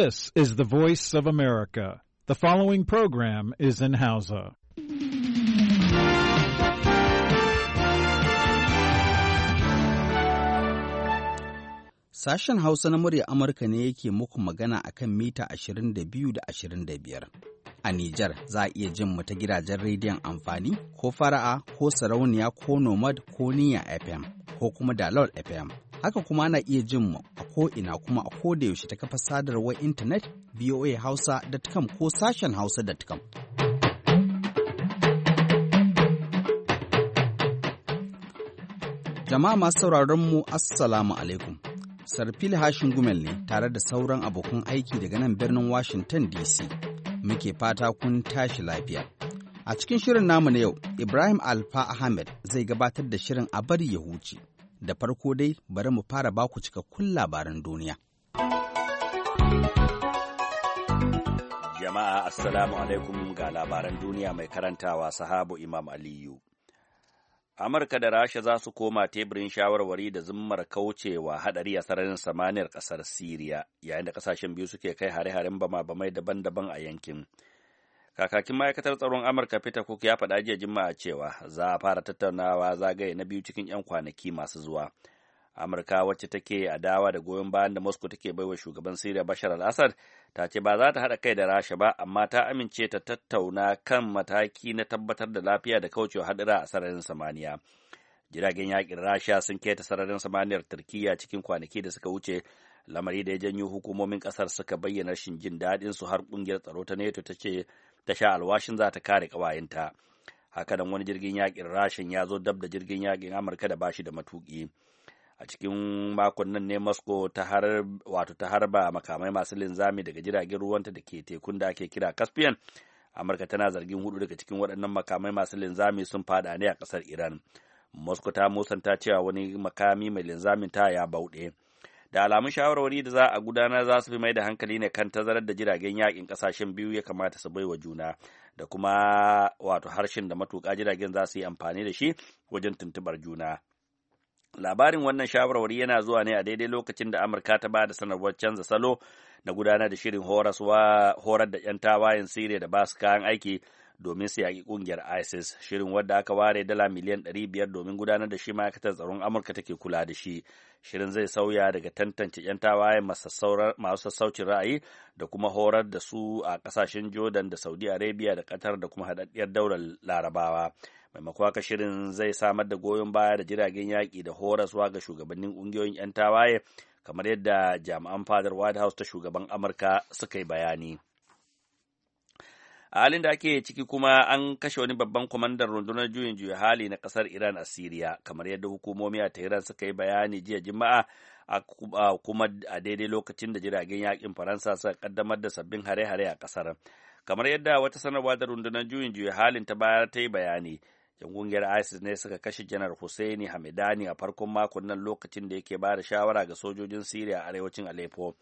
This is the voice of America. The following program is in Hausa. Sashen Hausa na murya Amurka ne yake muku magana a kan mita 22 da 25. A Nijar za a iya jin mu ta gidajen rediyon amfani ko fara'a ko sarauniya ko nomad ko niya FM ko kuma dalol FM. Haka kuma ana iya jin mu a ina kuma a koda yaushe ta kafa sadarwar intanet hausa.com ko sashen hausa.com. Jama'a masu sauraron mu Assalamu alaikum. Sarfil Hashin Gumel ne tare da sauran abokan aiki daga nan birnin Washington DC. Muke fata kun tashi lafiya. A cikin shirin namu na yau, Ibrahim Alfa Ahmed zai gabatar da shirin a bari ya huce. da farko dai bari mu fara baku cikakkun labaran duniya. Jama'a Assalamu alaikum ga labaran duniya mai karantawa sahabu Imam Aliyu. Amurka da Rasha za su koma teburin shawarwari da zummar kaucewa hadari a sararin samaniyar ƙasar Siriya, yayin da ƙasashen biyu suke kai hare-haren bama-bamai daban-daban a yankin. kakakin ma'aikatar tsaron amurka peter cook ya faɗa jiya juma'a cewa za a fara tattaunawa zagaye na biyu cikin 'yan kwanaki masu zuwa amurka wacce take dawa da goyon bayan da moscow take baiwa shugaban syria bashar al-assad ta ce ba za ta haɗa kai da rasha ba amma ta amince ta tattauna kan mataki na tabbatar da lafiya da kaucewa haɗura a sararin samaniya jiragen yakin rasha sun keta sararin samaniyar Turkiyya cikin kwanaki da suka wuce lamari da ya janyo hukumomin ƙasar suka bayyana rashin jin daɗin su har kungiyar tsaro ta neto ta ce tasha alwashin za ta kare haka hakanan wani jirgin yakin rashin ya zo dab da jirgin yakin amurka da bashi da matuki, a cikin makon ne moscow ta wato ta harba makamai masu linzami daga jiragen ruwanta da ke tekun da ake kira caspian amurka tana zargin hudu daga cikin waɗannan makamai masu linzami sun fada ne a ƙasar iran moscow ta musanta cewa wani makami mai linzamin ta ya bauɗe da alamun shawarwari da za a gudanar za su fi mai da hankali ne kan tazarar da jiragen yakin kasashen biyu ya kamata su baiwa juna da kuma wato harshen da matuka jiragen za su yi amfani da shi wajen tuntubar juna labarin wannan shawarwari yana zuwa ne a daidai lokacin da amurka ta ba da sanarwar canza salo na gudanar da shirin horar da 'yan tawayen siriya da basu kayan aiki domin su yaƙi ƙungiyar ISIS. Shirin wadda aka ware dala miliyan 500 domin gudanar da shi ma'aikatar tsaron Amurka take kula da shi. Shirin zai sauya daga tantance 'yan tawaye masu sassaucin ra'ayi da kuma horar da su a ƙasashen Jordan da Saudi Arabia da Qatar da kuma haɗaɗɗiyar daular Larabawa. maimakon haka shirin zai samar da goyon baya da jiragen yaƙi da horaswa ga shugabannin ƙungiyoyin 'yan tawaye kamar yadda jami'an fadar white house ta shugaban amurka suka yi bayani a halin da ake ciki kuma an kashe wani babban kwamandan rundunar juyin juya hali na kasar iran a siriya kamar yadda hukumomi a tehran suka yi bayani jiya juma'a a kuma a daidai lokacin da jiragen yakin faransa suka kaddamar da sabbin hare-hare a kasar kamar yadda wata sanarwa da rundunar juyin juya halin ta bayar ta yi bayani yan kungiyar isis ne suka kashe janar hussaini hamidani a farkon makon nan lokacin da yake ba da shawara ga sojojin siriya a arewacin aleppo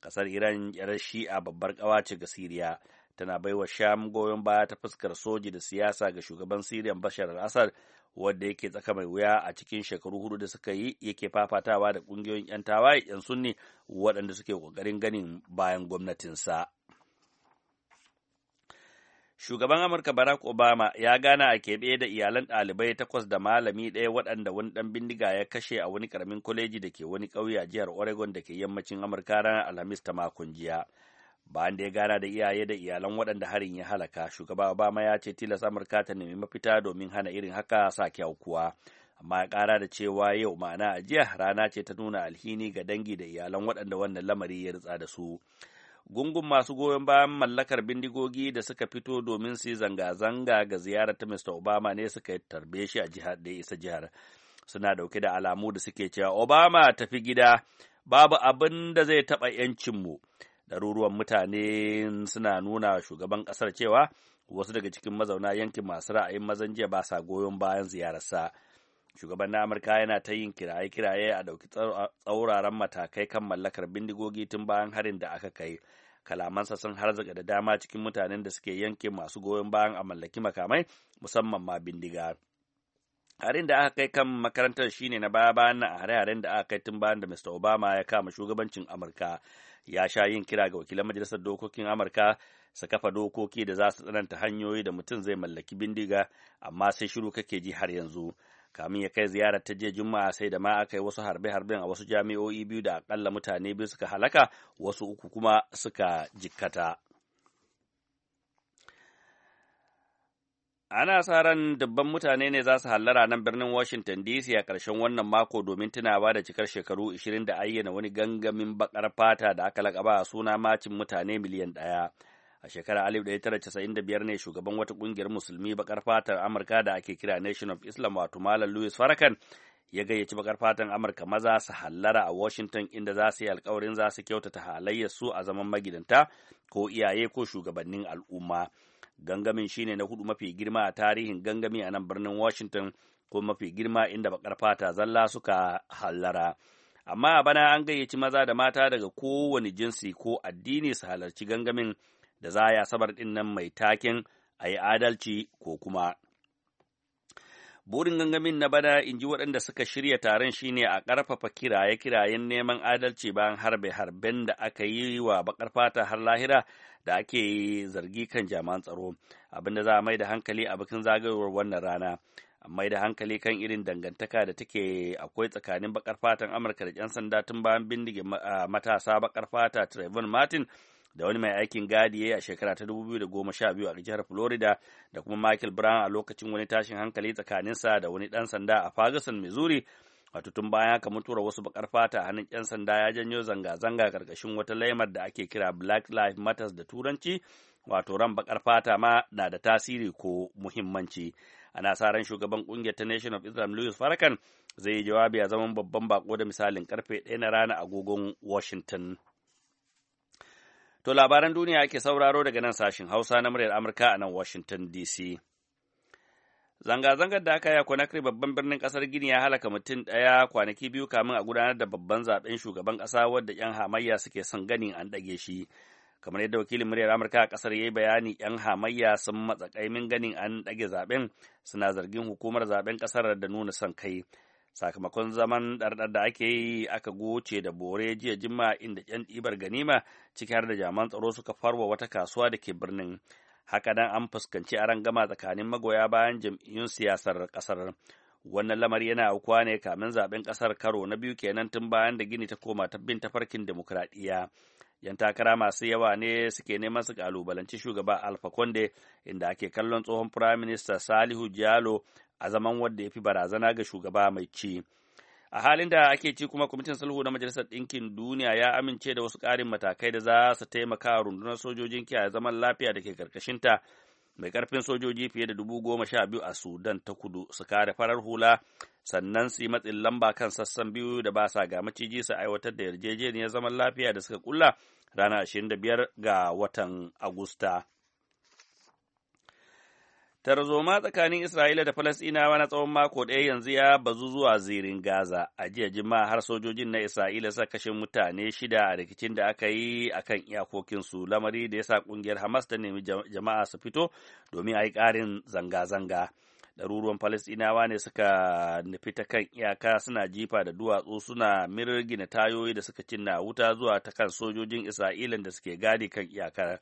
kasar iran yar shi'a babbar kawace ga siriya tana baiwa sham goyon baya ta fuskar soji da siyasa ga shugaban siriyan bashar al-assad wadda yake tsaka mai wuya a cikin shekaru hudu da suka yi yake fafatawa da kungiyoyin 'yan tawaye 'yan sunni waɗanda suke ƙoƙarin ganin bayan gwamnatinsa. Shugaban Amurka Barack Obama ya gana a keɓe da iyalan ɗalibai takwas da malami ɗaya waɗanda wani ɗan bindiga ya kashe a wani ƙaramin kwaleji da ke wani ƙauye a jihar Oregon da ke yammacin Amurka ranar Alhamis ta makon jiya. bayan da ya gara da iyaye da iyalan waɗanda harin ya halaka shugaba obama ya ce tilas amurka ta nemi mafita domin hana irin haka sa kyaukuwa amma ya ƙara da cewa yau ma'ana a jiya rana ce ta nuna alhini ga dangi da iyalan waɗanda wannan lamari ya ritsa da su gungun masu goyon bayan mallakar bindigogi da suka fito domin su yi zanga-zanga ga ziyarar ta mr obama ne suka tarbe shi a jihar da ya isa jihar suna dauke da alamu da suke cewa obama tafi gida babu abin da zai taɓa 'yancinmu ɗaruruwan mutane suna nuna shugaban ƙasar cewa wasu daga cikin mazauna yankin masu ra'ayin mazan jiya ba sa goyon bayan ziyararsa shugaban na amurka yana ta yin kiraye-kiraye a ɗauki tsauraran matakai kan mallakar bindigogi tun bayan harin da aka kai kalamansa sun harzaka da dama cikin mutanen da suke yankin masu goyon bayan a mallaki makamai musamman ma bindiga harin da aka kai kan makarantar shine na baya-bayan na a hare-haren da aka kai tun bayan da mr obama ya kama shugabancin amurka ya sha yin kira ga wakilan majalisar dokokin amurka su kafa dokoki da za su tsananta hanyoyi da mutum zai mallaki bindiga amma sai shiru kake ji har yanzu kamin ya kai ziyarar ta jiya juma'a sai da ma aka yi wasu harbe-harben a wasu jami'o'i biyu da akalla mutane biyu suka halaka wasu uku kuma suka jikkata Ana sa ran dubban mutane ne za su hallara nan birnin Washington DC a ƙarshen wannan mako domin tunawa da cikar shekaru 20 da ayyana wani gangamin bakar fata da aka lakaba a suna macin mutane miliyan ɗaya. A shekarar 1995 ne shugaban wata ƙungiyar musulmi bakar fatar Amurka da ake kira Nation of Islam wato Malam Louis Farrakhan ya gayyaci bakar fatan Amurka maza su hallara a Washington inda za su yi alkawarin za su kyautata halayyar su a zaman magidanta ko iyaye ko shugabannin al'umma. gangamin shine na hudu mafi girma a tarihin gangami a nan birnin washington ko mafi girma inda bakar fata zalla suka hallara amma a bana an gayyaci maza da mata daga kowane jinsi ko addini su halarci gangamin da za a asabar din nan mai takin a yi adalci ko kuma burin gangamin na bana in ji waɗanda suka shirya taron shine a ƙarfafa kiraye-kirayen neman adalci bayan harbe-harben da aka yi wa bakar fata har lahira da ake zargi kan jami'an tsaro abinda za a mai da hankali a bikin zagayowar wannan rana mai da hankali kan irin dangantaka da take akwai tsakanin bakar fatan amurka da 'yan sanda tun bayan bindigin matasa bakar fata trayvon martin da wani mai aikin gadi ya a shekara ta 2012 a jihar Florida da kuma Michael Brown a lokacin wani tashin hankali tsakaninsa da wani ɗan sanda a Ferguson, Missouri wato tun baya ka mutura wasu bakar fata a hannun 'yan sanda ya janyo zanga-zanga karkashin wata laimar da ake kira black life matters da turanci wato ran bakar fata ma na da tasiri ko muhimmanci ana sa shugaban kungiyar ta nation of islam louis farkan zai yi jawabi a zaman babban bako da misalin karfe 1 na rana agogon washington to labaran duniya ake sauraro daga nan sashin hausa na muryar amurka a nan washington dc Zanga-zangar da aka yi a Conakry babban birnin kasar Gini ya halaka mutum ɗaya kwanaki biyu kamin a gudanar da babban zaben shugaban ƙasa wadda 'yan hamayya suke son ganin an ɗage shi. Kamar yadda wakilin muryar Amurka a ƙasar ya yi bayani 'yan hamayya sun matsa kaimin ganin an ɗage zaben suna zargin hukumar zaben kasar da nuna son kai. Sakamakon zaman ɗarɗar da ake yi aka goce da bore jiya jima inda 'yan ɗibar ganima ciki har da jaman tsaro suka farwa wata kasuwa da ke birnin. haka nan an fuskanci gama tsakanin magoya bayan jam'iyyun siyasar kasar wannan lamari yana aukuwa ne kamin zaben ƙasar karo na biyu kenan tun bayan da gini ta koma ta bin tafarkin demokuraɗiyya yan takara masu yawa ne suke neman su kalubalanci shugaba alfa konde inda ake kallon tsohon firaminista salihu jalo a zaman wadda ya fi barazana ga shugaba mai ci. a halin da ake ci kuma kwamitin sulhu na majalisar ɗinkin duniya ya amince da wasu ƙarin matakai da za su taimaka rundunar sojojin kiyaye zaman lafiya da ke karkashinta mai karfin sojoji fiye da dubu goma sha biyu a sudan ta kudu su kare farar hula sannan su yi matsin lamba kan sassan biyu da ba sa ga maciji su aiwatar da yarjejeniyar zaman lafiya da suka kulla ranar biyar ga watan agusta Tarzoma tsakanin Isra'ila da Falasɗinawa na tsawon mako ɗaya yanzu ya bazu zuwa zirin Gaza. A jiya jima har sojojin na Isra'ila suka kashe mutane shida a rikicin da aka yi a kan iyakokinsu, lamari da ya sa ƙungiyar Hamas ta nemi jama'a su fito domin a yi ƙarin zanga-zanga. Ɗaruruwan Falasɗinawa ne suka nufi ta kan iyaka suna jifa da duwatsu suna mirgina tayoyi da suka cinna wuta zuwa ta kan sojojin Isra'ilan da suke gadi kan iyakar.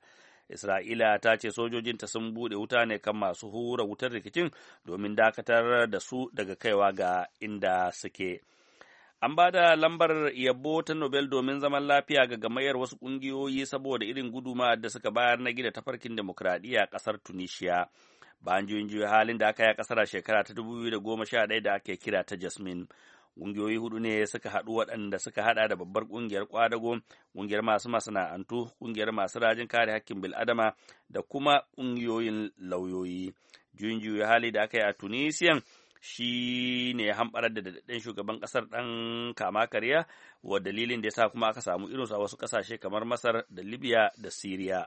Isra'ila ta ce sojojinta sun bude wuta ne kan masu hura wutar rikicin domin dakatar da su daga kaiwa ga inda suke. An ba da lambar yabo ta Nobel domin zaman lafiya ga gamayyar wasu kungiyoyi saboda irin guduma da suka bayar na gida ta tafarkin demokradiyya kasar Tunisia. Bayan juyin halin da aka yi a kasar a shekara ta 2011 da ake kira ta Jasmine. ƙungiyoyi hudu ne suka haɗu waɗanda suka haɗa da babbar ƙungiyar ƙwadago ƙungiyar masu masana'antu ƙungiyar masu rajin kare hakkin bil'adama da kuma ƙungiyoyin lauyoyi juyin juyi hali da aka yi a tunisiyan shi ne ya hamɓarar da daɗaɗɗen shugaban ƙasar ɗan kama karya wa dalilin da ya sa kuma aka samu irinsu a wasu ƙasashe kamar masar da libya da siriya.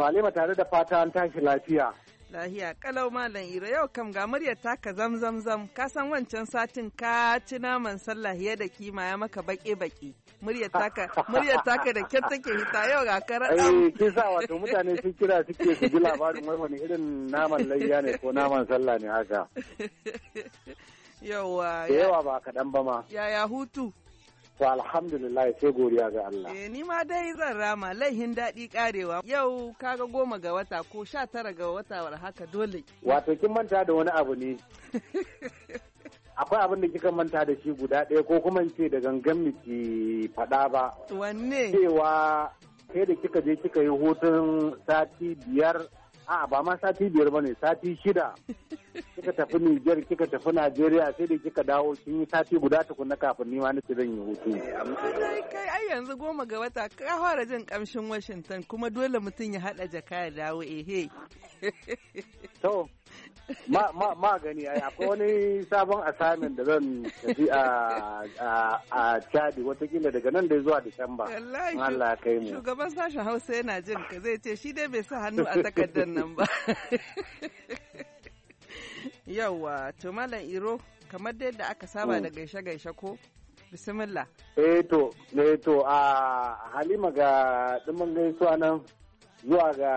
Salima tare da fata an tashi lafiya. Lahiya kalau malam Iro yau kam ga muryar taka zam zam zam ka san wancan satin ka ci naman sallah ya da kima ya maka baƙe baƙi. Muryar taka muryar taka da kyar take hita yau ga ka raɗa. Eh sa wato mutane sun kira suke su ji labarin wai wani irin naman layya ne ko naman sallah ne haka. Yawa. Yawa ba kaɗan ba ma. Yaya hutu. To alhamdulillah sai godiya ga Allah. Eh ni ma dai zan rama laihin daɗi karewa yau kaga goma ga wata ko sha tara ga wata war haka dole. Wato kin manta da wani abu ne. Akwai abin da kika manta da shi guda ɗaya ko kuma ce da gangan miki faɗa ba. Wanne? Cewa kai da kika je kika yi hutun sati biyar a'a ba ma sati biyar ba ne sati shida kika tafi Nijar kika tafi Najeriya sai da kika dawo kin yi sati guda tukunna kafin nima na ki zan yi hutu kai ai yanzu goma ga wata ka fara jin kamshin Washington kuma dole mutum ya haɗa jaka ya dawo ehe to ma ma gani akwai wani sabon assignment da zan tafi a a Chadi watakila daga nan da zuwa Disamba Allah kai mu shugaban sashen Hausa yana jin ka zai ce shi dai bai sa hannu a takardar nan ba yawa to malam Iro kamar dai da aka saba hmm. da gaishe gaishe ko bismillah eh to eh to a Halima ga dimin gaisuwa nan zuwa ga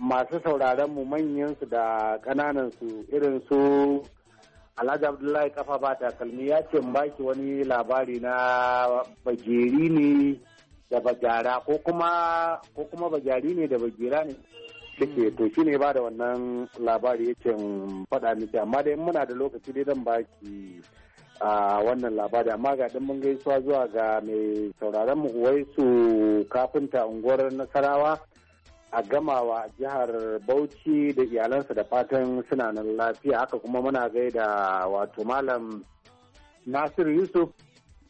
masu sauraron mu manyan su da kananan su irin su Alhaji Abdullahi kafa ba takalmi ya ce baki wani labari na bajeri ne da bagara ko kuma ko kuma bagari ne da bagira ne take to shi ne ba da wannan labari yake faɗa miki amma dai muna da lokaci dai zan baki a wannan labari amma ga mun gaisuwa zuwa ga mai sauraron mu wai su kafinta unguwar nasarawa a gamawa jihar Bauchi da iyalansa da fatan suna nan lafiya haka kuma muna gaida wato malam Nasir Yusuf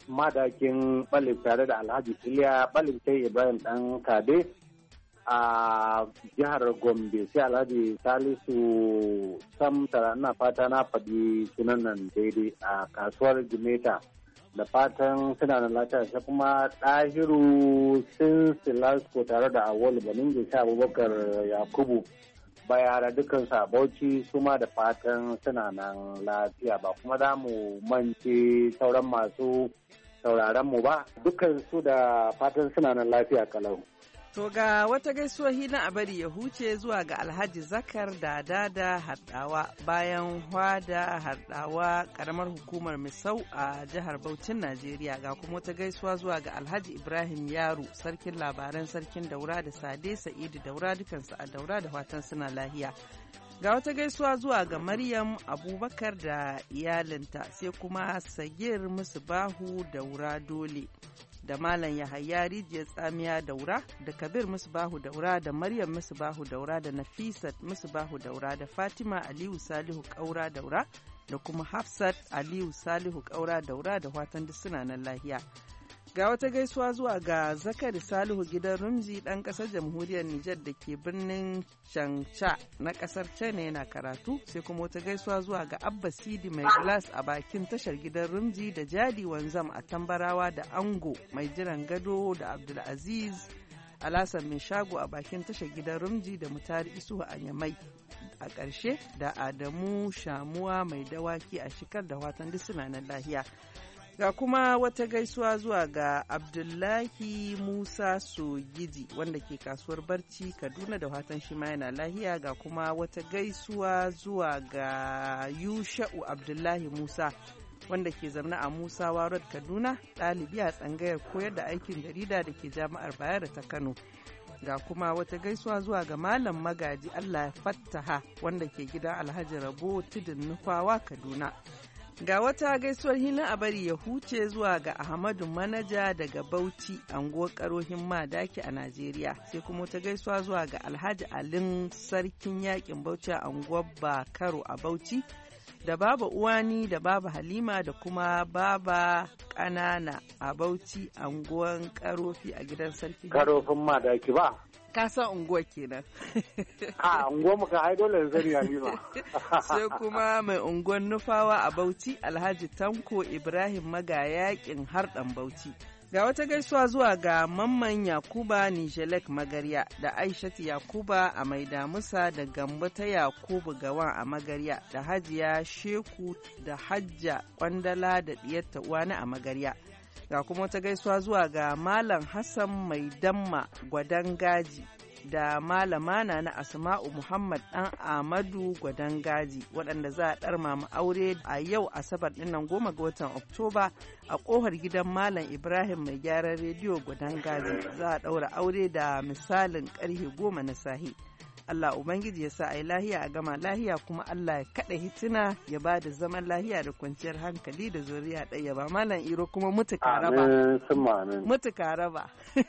madakin balin tare da Alhaji Iliya balin sai Ibrahim dan Kade a jihar Gombe sai Alhaji Salisu Sam na fata na faɗi sunan nan daidai a kasuwar Jimeta. da fatan suna da lafiya sai kuma ɗahiru sun silasko tare da awol banin sha abubakar yakubu bayara dukansu a bauchi su ma da fatan suna nan lafiya ba kuma za mu mance sauran masu sauraron mu ba su da fatan suna nan lafiya kalau. To ga wata gaisuwa hina a bari ya huce zuwa ga Alhaji Zakar da Dada Hardawa bayan Hwada Hardawa karamar hukumar Misau a jihar Bauchin Najeriya ga kuma wata gaisuwa zuwa ga Alhaji Ibrahim Yaro sarkin labaran sarkin daura da Sade Sa'idu daura dukansu a daura da watan suna lahiya. Ga wata gaisuwa zuwa ga Maryam Abubakar da iyalinta sai kuma Sagir Musubahu daura dole. da Malam Yahaya Rijiyar Tsamiya Daura da Kabir Musbahu Daura da Maryam Musbahu Daura da Nafisat Musbahu Daura da Fatima Aliyu Salihu Kaura Daura da kuma Hafsat Aliyu Salihu Kaura Daura da watan suna nan lahiya. Ga wata gaisuwa zuwa ga Zakari Salihu gidan Rumzi dan ƙasar jamhuriyar Nijar da ke birnin shanca na ƙasar China yana karatu, sai kuma wata gaisuwa zuwa ga Abba Sidi mai glass a bakin tashar gidan Rumzi da Jadi Wanzam a Tambarawa da Ango mai jiran gado da Abdulaziz Alasan mai shago a bakin tashar gidan Rumji da Mutari Isuhu a Yamai. a ƙarshe da Adamu Shamuwa mai dawaki a shikar da watan na lahiya. Ga kuma wata gaisuwa zuwa ga Abdullahi Musa Sogidi wanda ke kasuwar barci Kaduna da watan shi ma yana lahiya ga kuma wata gaisuwa zuwa ga Yusha'u Abdullahi Musa wanda ke zamna a Musa Warod Kaduna ɗalibi a tsangayar koyar da aikin jarida da ke jami'ar bayar ta Kano. Ga kuma wata gaisuwa zuwa ga Malam Magaji Allah Fattaha wanda ke gidan Alhaji Rabo Tudun Nufawa Kaduna. Ga wata gaisuwar hina a bari ya huce zuwa ga Ahmadu Manaja daga Bauchi anguwar karohin Madaki a Najeriya. Sai kuma ta gaisuwa zuwa ga Alhaji Alin Sarkin Yakin Bauchi a anguwar Bakaro a Bauchi da Baba Uwani da Baba Halima da kuma Baba ƙanana a Bauchi anguwan Karofi a gidan Sarki. Karofin Madaki ba. ka san unguwar kenan a unguwar mu ka ai dole a nima. sai kuma mai unguwar nufawa a bauchi alhaji tanko ibrahim magayakin harɗan bauchi ga wata gaisuwa zuwa ga mamman yakuba nijelek magarya da aishatu yakuba a maidamusa damusa da gambo ta yakubu gawan a magarya da hajiya sheku da hajja kwandala da ɗiyarta uwani a magarya Ga kuma wata gaisuwa zuwa ga Malam Hassan Mai Damma Gwadon Gaji da malama na na asma'u muhammad dan amadu gwadon gaji waɗanda za a ɗarma aure a yau asabar ɗinnan goma ga watan oktoba a ƙofar gidan malam ibrahim mai gyaran rediyo gwadon gaji za a ɗaura aure da misalin ƙarfe goma na sahi Allah Ubangiji ya sa a yi lahiya a gama lahiya kuma Allah ya kaɗa hitina ya ba da zaman lahiya da kwanciyar hankali da zuriya ɗaya ba malam iro kuma mutu karaba. Mutu karaba.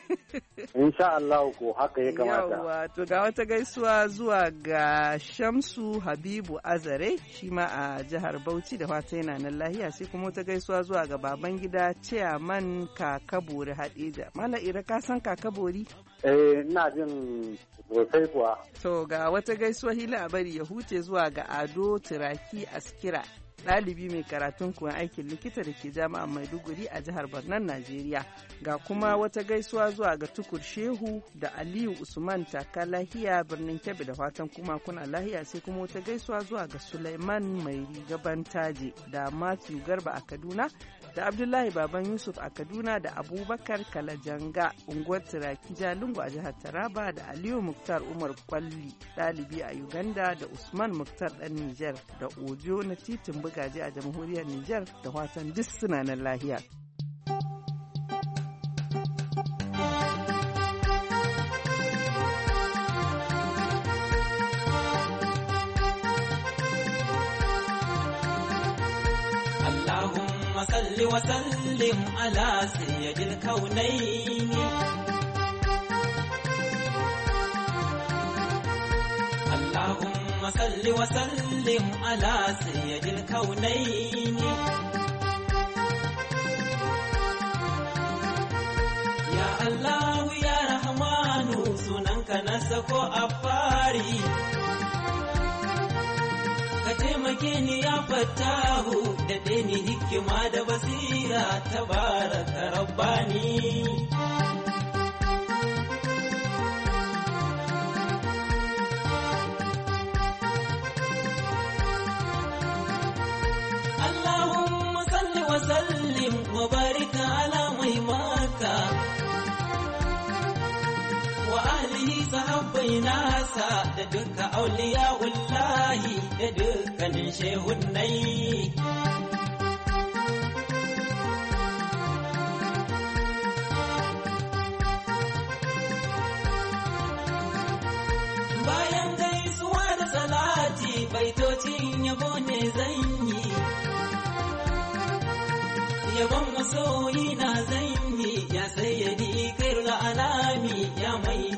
Insha Allah ko haka ya kamata. Yawwa to ga wata gaisuwa zuwa ga Shamsu Habibu Azare shi ma a jihar Bauchi da fata yana nan lahiya sai kuma wata gaisuwa zuwa ga baban gida Chairman Kakabori Hadija. Malam Iro ka san Kakabori? Eh ina jin To ga wata gaisuwar hila bari ya huce zuwa ga Ado Turaki Askira ɗalibi mai karatun kuwa aikin likita da ke mai Maiduguri a jihar Barnan Najeriya. Ga kuma wata gaisuwa zuwa ga Tukur Shehu da Aliyu Usman Taka Lahiya birnin Kebbi da fatan kuma kuna lahiya sai kuma wata gaisuwa zuwa ga Sulaiman Mai Gaban Taje da Matthew Garba a Kaduna da abdullahi baban yusuf a kaduna da abubakar kalajanga unguwar turaki jalingo a jihar taraba da aliyu muktar umar kwalli ɗalibi a uganda da usman muktar ɗan Niger da ojo na titin bugaje a jamhuriyar Niger da wasan duk suna nan lahiya sallim ala sayyidil kaunain Allahumma salli wa sallim ala sayyidil kaunain Ya Allah ya Rahmanu sunanka nasako afari. fari taimake ya fattahu da ni hikima da basira tabaraka rabbani Allahumma salli wa sallim wa barika ala sahabbai nasa da duka auliya wallahi da dukkanin shehunnai. Bayan gaisuwa da salati baitocin yabo ne zan yi. Yabon masoyi na zan yi ya sayyadi kai alami ya mai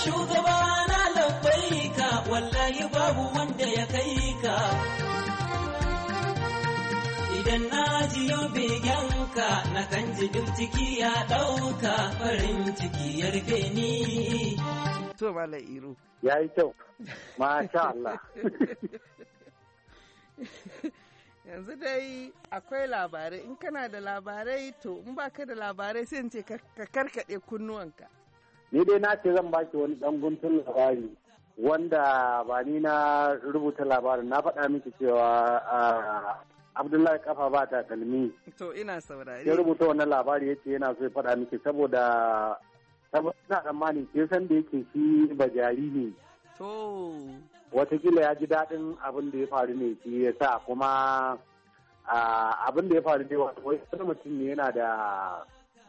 shugaba na labbai ka wallahi babu wanda ya kai ka idan na ji yau ka, na kan ji ciki ya ɗauka farin ciki ya rufe ni to malam iru ya yi kyau masha Allah yanzu dai akwai labarai in kana da labarai to in baka da labarai sai in ce ka karkade kunnuwanka ni dai na ce zan baki wani dan guntun labari wanda ba ni na rubuta labarin na faɗa miki cewa abdullahi kafa ba ta kalmi to ina saurari ya rubuta wannan labari yace yana so ya faɗa miki saboda saboda ina tsammani ke san da yake shi ba jari ne to watakila ya ji daɗin abin da ya faru ne shi ya sa kuma abin da ya faru ne wani mutum ne yana da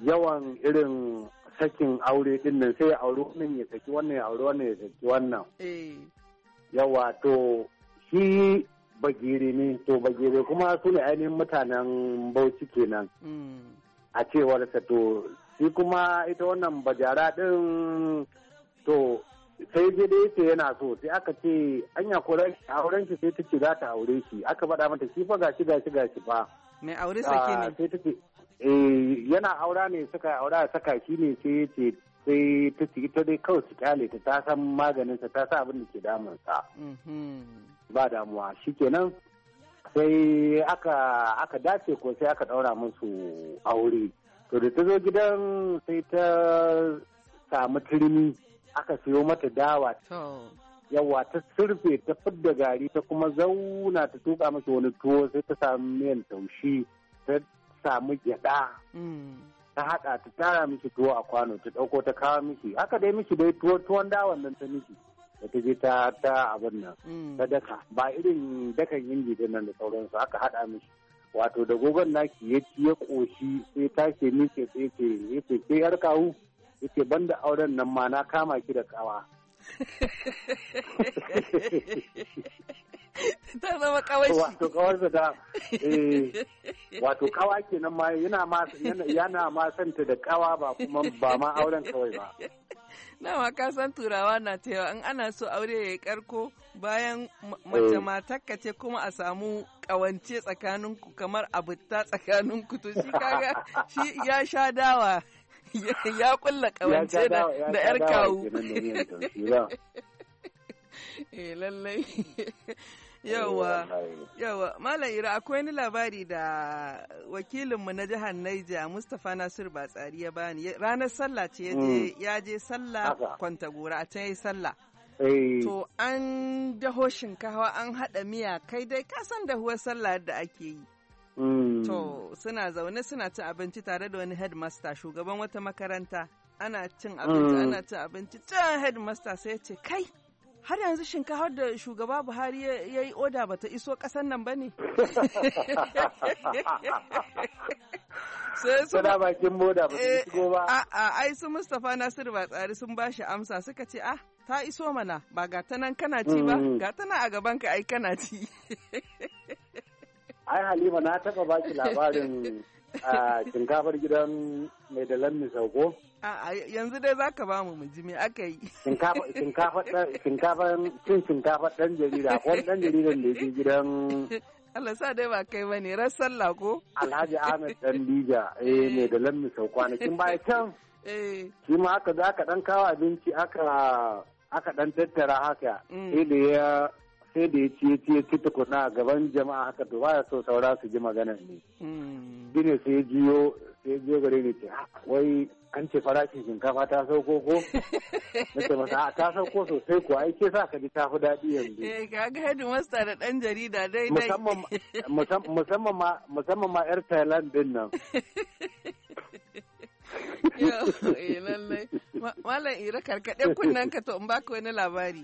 yawan irin sakin aure din nan sai ya auri wannan ya saki wannan ya auri wannan ya saki wannan eh. yawa to shi bagere ne to bagere kuma su ne ainihin mutanen bauchi kenan hmm. a cewar sa to shi kuma ita wannan bajara din to sai je da yake yana so sai aka ce anya koran auren shi sai ta ce za ta aure shi aka bada mata shi fa gashi gashi gashi fa mai aure sake ne Eh, yana aura ne suka aura saka shi ne sai ya ce sai ta ci ta dai kawai su kyale ta ta san maganinsa ta sa abin da ke damunsa mm-hmm. ba damuwa shikenan sai aka dace ko sai aka daura musu aure to da ta zo gidan sai ta samu turmi aka siyo mata dawa yawa ta surfe ta fidda gari ta kuma zauna ta tuka masa wani tuwo sai ta samu miyan taushi samu gyaɗa mm. ta haɗa ta tara miki tuwo a kwano ta ɗauko ta kawo miki haka dai miki dai tuwo tuwon dawan nan ta miki da ta je ta ta abin nan mm. ta daka ba irin dakan inji din nan da sauransu aka haɗa miki wato da gogon naki ya ci ya ƙoshi sai ta ce miki sai ce sai yar kawu yace banda auren nan ma na kama ki da kawa ta zama kawai wato kawarsa da eh, wato kawa kenan ma yana ma yana ma santa da kawa ba kuma ba ma auren kawai ba ma ka san turawa na ta yawa in ana so aure ya yi karko bayan mace eh. matakka ce kuma a samu kawance tsakaninku kamar abuta tsakaninku to shi kaga shi ya sha dawa ya kulla kawance da yar kawo eh lallai yawa yawa malam ira akwai wani labari da wakilinmu na jihar naija mustapha nasir batsari ya bani ranar sallah ce ya je mm. sallah gora a can ya sallah eh. to an daho shinkawa an haɗa miya kai dai ka kasan dahuwar sallah da ake yi mm. To mm. suna zaune suna cin abinci tare da wani headmaster shugaban wata makaranta. Ana cin abinci mm. ana cin abinci can headmaster sai ya ce kai har yanzu shinkafa da shugaba Buhari ya yi oda bata iso kasan nan ba ne. Sai su da bakin boda ba su eh, shigo ba. A'a ai su Mustapha Nasiru ba tsari sun shi amsa suka ce ah ta iso mana ba ga ta nan kana ci ba mm. ga ta nan a gaban ka ai kana ci. ai halima na taba baki labarin shinkafar gidan mai dalan misauko yanzu dai za ka ba mu ji me aka yi shinkafar cin shinkafar dan jarida ko dan jaridan da yake gidan Allah sa dai ba kai ba ne ran lako Alhaji Ahmed dan Dija eh, eh mai dalan misauko kwanakin baya can eh. shi ma aka za ka dan kawo abinci aka aka dan tattara haka mm. sai da ya sai da ya ci ya ci ya ci tukuna a gaban jama'a haka to baya so saura su ji maganar ne hmm. shi ne sai jiyo sai jiyo gare ni ce ah, wai an ce farashin shinkafa ta sauko ko na ce masa ah, ta sauko sosai ko ai ke sa ka ji ta fi daɗi yanzu eh ga ga hedin wasta da ɗan jarida dai dai musamman ma musamman ma yar Thailand din nan Yo, eh lallai. Malam Ira karkaɗe kunnen ka to in baka wani labari.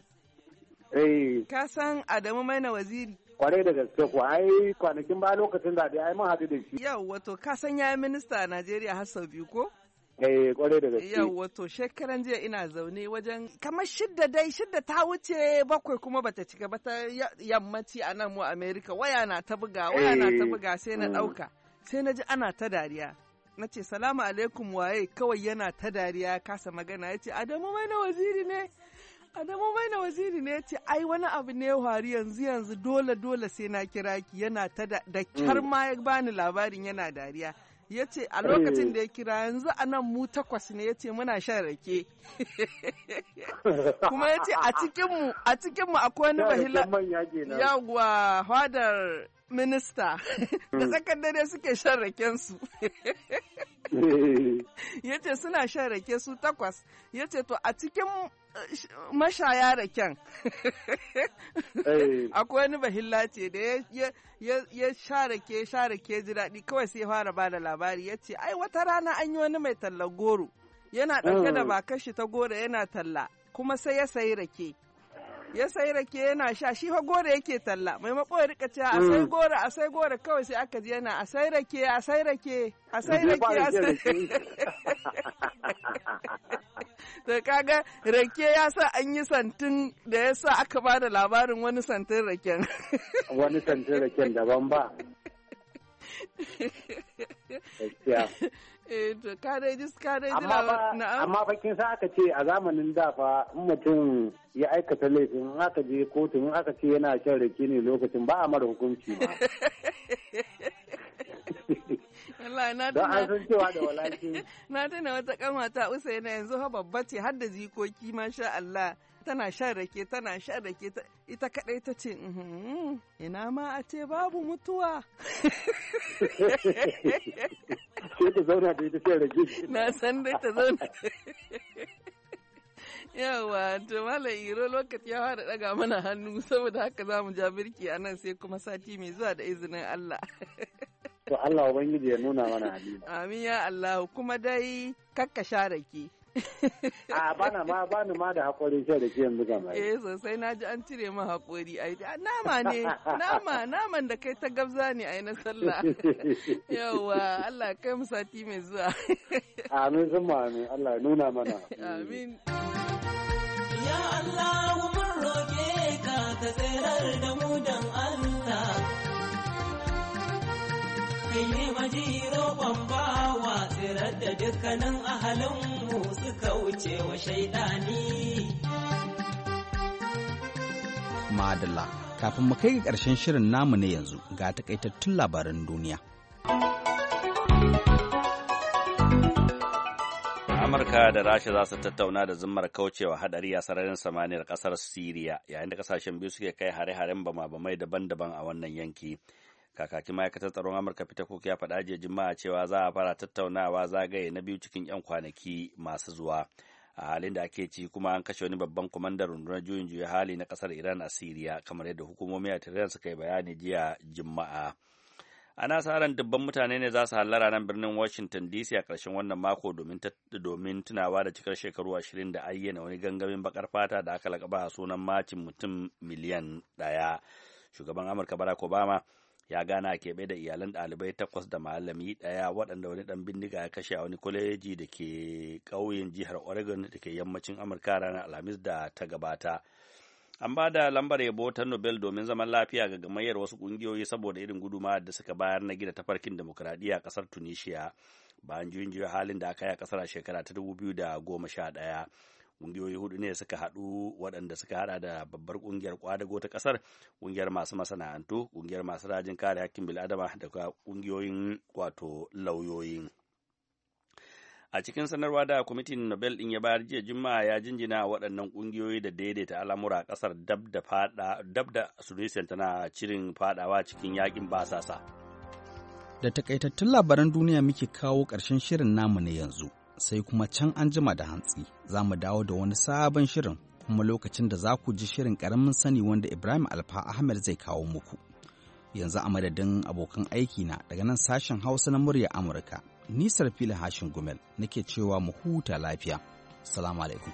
Eh. Ka san Adamu Maina Waziri? kwarai da gaske kuwa. ai kwanakin ba lokacin da ai mun haɗu da shi. Yau wato ka san ya minista a Najeriya har sau biyu ko? Eh kwarai da gaske. Yau wato shekaran jiya ina zaune wajen kamar shidda dai shidda ta wuce bakwai kuma bata cika ba ta yammaci a nan mu Amerika waya na ta buga waya na ta eh. buga sai na mm. ɗauka sai na ji ana ta dariya. Na ce salamu alaikum waye kawai yana ta dariya kasa magana ya ce Adamu mai na waziri ne. Adamu na Waziri ne ce, ai wani abu ne hari yanzu yanzu dole dole sai na kira ki yana ta da kyar ma ya bani labarin yana dariya. Ya ce a lokacin da ya kira yanzu a nan mu takwas ne ya ce muna shan rake. Kuma ya ce a cikinmu a cikinmu akwai wani bahila. Yawwa hadar minista da tsakar hmm. dare suke shan rakensu. Hmm. Ya ce suna shan rake su takwas, yace to a cikin eh, mashaya raken eh. akwai wani bahilla ce da ya sha rake ji daɗi kawai sai fara ba da labari yace ce ai wata rana an yi wani mai tallar goro yana ɗauke da hmm. bakashi ta goro yana talla kuma sai ya sayi rake. ya sai rake yana sha shi fa gora yake talla mai ya rika cewa a sai mm. gora a sai gora kawai sai aka ji yana a sai rake a sai rake a sai rake a sai to kaga rake ya sa an yi santin da ya sa aka ba da labarin wani santin raken wani santin raken daban ba eh to ka amma fa sa aka ce a zamanin da fa in mutum ya aikata laifin in aka je kotu in aka ce yana shan rake ne lokacin ba a mara hukunci ba don na tuna. cewa da walaki. Na tuna wata usa yana yanzu ha babba ce har da jikoki masha Allah. Tana shan rake tana shan rake ita kadai ta ce uhm, ina ma a ce babu mutuwa. sai ta zauna da ita sai rage na san dai ta zauna yawa to mala iro lokaci ya fara daga mana hannu saboda haka za mu ja birki a nan sai kuma sati mai zuwa da izinin Allah to Allah ubangiji ya nuna mana halima amin ya Allah kuma dai kakka sha a bana ma bani ma da hakori sai da yanzu ga mai eh sosai na ji an cire min hakori ai nama ne nama naman da kai ta gabza ne ai na sallah yawa Allah kai mu sati mai zuwa amin sun amin Allah ya nuna mana amin ya Allah mun roke ka ka tsirar da mu dan Allah mai nemaji roƙon bawa tsirar da dukkanin ahalinmu suka wuce wa shaidani. Madalla, kafin mu kai ƙarshen shirin namu ne yanzu ga takaitattun labaran duniya. Amurka da Rasha za su tattauna da zimmar kaucewa hadari a sararin samaniyar kasar Siriya yayin da kasashen biyu suke kai hare-haren bama-bamai daban-daban a wannan yanki. kakakin ma'aikatar tsaron amurka fita cook ya faɗa jiya juma'a cewa za a fara tattaunawa zagaye na biyu cikin 'yan kwanaki masu zuwa a halin da ake ci kuma an kashe wani babban kwamandan rundunar juyin juya hali na kasar iran a siriya kamar yadda hukumomi a tehran suka yi bayani jiya juma'a ana sa ran dubban mutane ne za su hallara nan birnin washington dc a ƙarshen wannan mako domin tunawa da cikar shekaru ashirin da ayyana wani gangamin bakar fata da aka lakaba a sunan macin mutum miliyan ɗaya shugaban amurka barack obama ya gana a keɓe da iyalan ɗalibai takwas da malami ɗaya waɗanda wani ɗan bindiga ya kashe a wani kwaleji da ke ƙauyen jihar oregon da ke yammacin amurka ranar alhamis da ta gabata an ba da lambar yabo ta nobel domin zaman lafiya ga gamayyar wasu ƙungiyoyi saboda irin guduma da suka bayar na gida tafarkin demokuraɗiyya a ƙasar tunisia bayan juyin halin da aka yi a ƙasar shekara ta dubu biyu da goma sha ɗaya. kungiyoyi hudu ne suka haɗu waɗanda suka haɗa da babbar ƙungiyar kwadago ta ƙasar ƙungiyar masu masana'antu kungiyar masu rajin kare hakkin bil'adama da ƙungiyoyin wato lauyoyin. a cikin sanarwa da kwamitin nobel din ya bayar jiya juma'a ya jinjina waɗannan ƙungiyoyi da daidaita al'amura ƙasar dab da sunisiyar tana cirin fadawa cikin yakin basasa da takaitattun labaran duniya muke kawo ƙarshen shirin namu na yanzu sai kuma can an jima da hantsi za mu dawo da wani sabon shirin kuma lokacin da za ku ji shirin karamin sani wanda Ibrahim Alfa Ahmed zai kawo muku. Yanzu a madadin abokan aiki na daga nan sashen Hausa na murya Amurka, nisar fili hashin gumel nake cewa mu huta lafiya. Salamu alaikum.